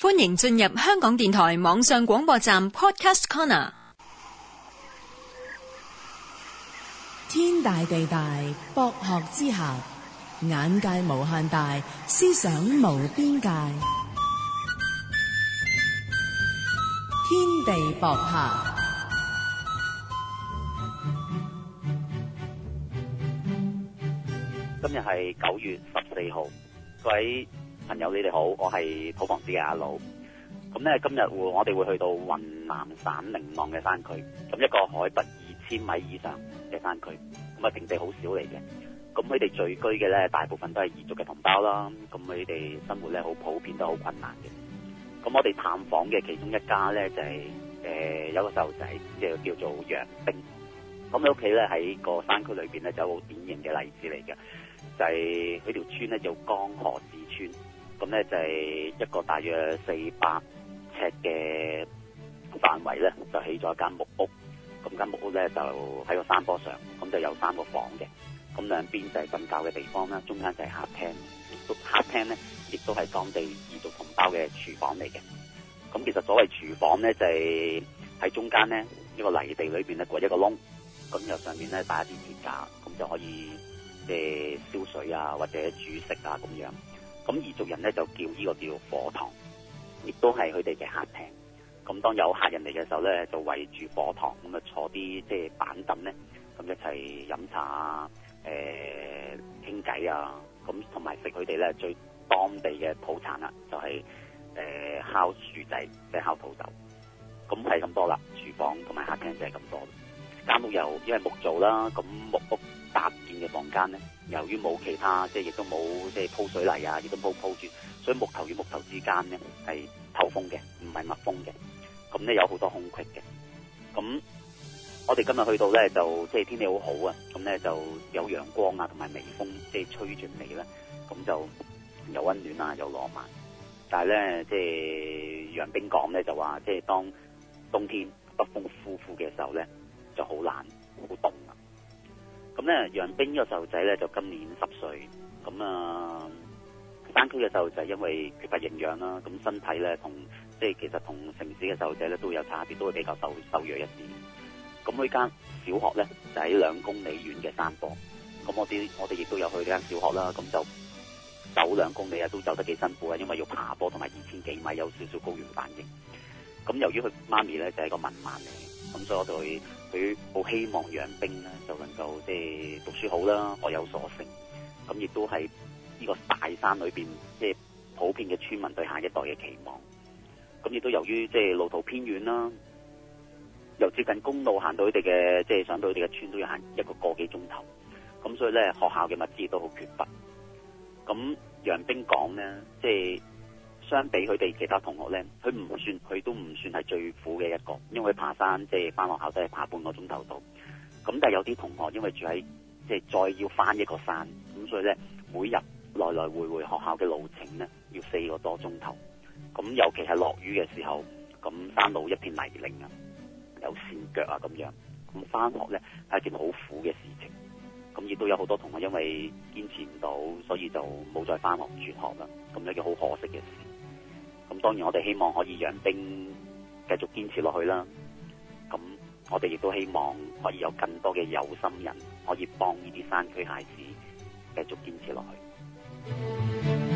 歡迎進入香港電台網上廣播站 Podcast Corner。天大地大，博學之下，眼界無限大，思想無邊界。天地博客。今日係九月十四號，各位。朋友你哋好，我係土房子嘅阿佬，咁咧今日會我哋會去到雲南省寧蒗嘅山區，咁一個海拔二千米以上嘅山區，咁啊平地好少嚟嘅，咁佢哋聚居嘅咧大部分都係彝族嘅同胞啦，咁佢哋生活咧好普遍都好困難嘅，咁我哋探訪嘅其中一家咧就係、是、誒、呃、有個細路仔，即係叫做楊冰。咁佢屋企咧喺個山區裏邊咧就好典型嘅例子嚟嘅，就係佢條村咧叫江河子村。咁咧就係一個大約四百尺嘅範圍咧，就起咗一間木屋。咁間木屋咧就喺個山坡上，咁就有三個房嘅。咁兩邊就係瞓覺嘅地方啦，中間就係客廳。客廳咧亦都係當地彝族同胞嘅廚房嚟嘅。咁其實所謂廚房咧就係、是、喺中間咧呢一個泥地裏邊咧掘一個窿，咁又上面咧擺一啲鐵架，咁就可以即係燒水啊或者煮食啊咁樣。咁彝族人咧就叫呢個叫火塘，亦都係佢哋嘅客廳。咁當有客人嚟嘅時候咧，就圍住火塘咁啊坐啲即係板凳咧，咁一齊飲茶、呃、啊，誒傾偈啊，咁同埋食佢哋咧最當地嘅土產啦、啊，就係、是、誒、呃、烤薯仔，即係烤土豆。咁係咁多啦，廚房同埋客廳就係咁多。間屋又因為木造啦，咁木屋搭建嘅房間咧，由於冇其他，即係亦都冇即係鋪水泥啊，亦都冇鋪住，所以木頭與木頭之間咧係透風嘅，唔係密封嘅。咁咧有好多空隙嘅。咁我哋今日去到咧，就即係天氣好好啊，咁咧就有陽光啊，同埋微風即係吹住你啦。咁就又溫暖啊，又浪漫。但係咧，即係楊冰講咧就話，即係當冬天北風呼呼嘅時候咧。就好冷，好凍啊！咁咧，楊冰呢個細路仔咧就今年十歲，咁啊、呃、山區嘅細路仔因為缺乏營養啦，咁身體咧同即係其實同城市嘅細路仔咧都有差別，都會比較瘦瘦弱一啲。咁呢間小學咧就喺兩公里遠嘅山坡，咁我哋我哋亦都有去呢間小學啦，咁就走兩公里啊都走得幾辛苦啊，因為要爬坡同埋二千幾米，有少少高原反應。咁由於佢媽咪咧就係、是、個文盲嚟。咁所以我佢佢好希望楊冰咧就能夠即係讀書好啦，學有所成。咁亦都係呢個大山裏邊即係普遍嘅村民對下一代嘅期望。咁亦都由於即係路途偏遠啦，由接近公路行到佢哋嘅即係上到佢哋嘅村都要行一個個幾鐘頭。咁所以咧學校嘅物資亦都好缺乏。咁楊冰講咧即係。相比佢哋其他同學呢，佢唔算，佢都唔算係最苦嘅一個。因為佢爬山即係翻學校都係爬半個鐘頭到。咁但係有啲同學因為住喺即係再要翻一個山，咁所以呢，每日來來回回學校嘅路程呢，要四個多鐘頭。咁、嗯、尤其係落雨嘅時候，咁山路一片泥濘啊，有跣腳啊咁樣。咁、嗯、翻學呢係一件好苦嘅事情。咁、嗯、亦都有好多同學因為堅持唔到，所以就冇再翻學住學啦。咁一個好可惜嘅事。咁當然我哋希望可以楊冰繼續堅持落去啦。咁我哋亦都希望可以有更多嘅有心人，可以幫呢啲山區孩子繼續堅持落去。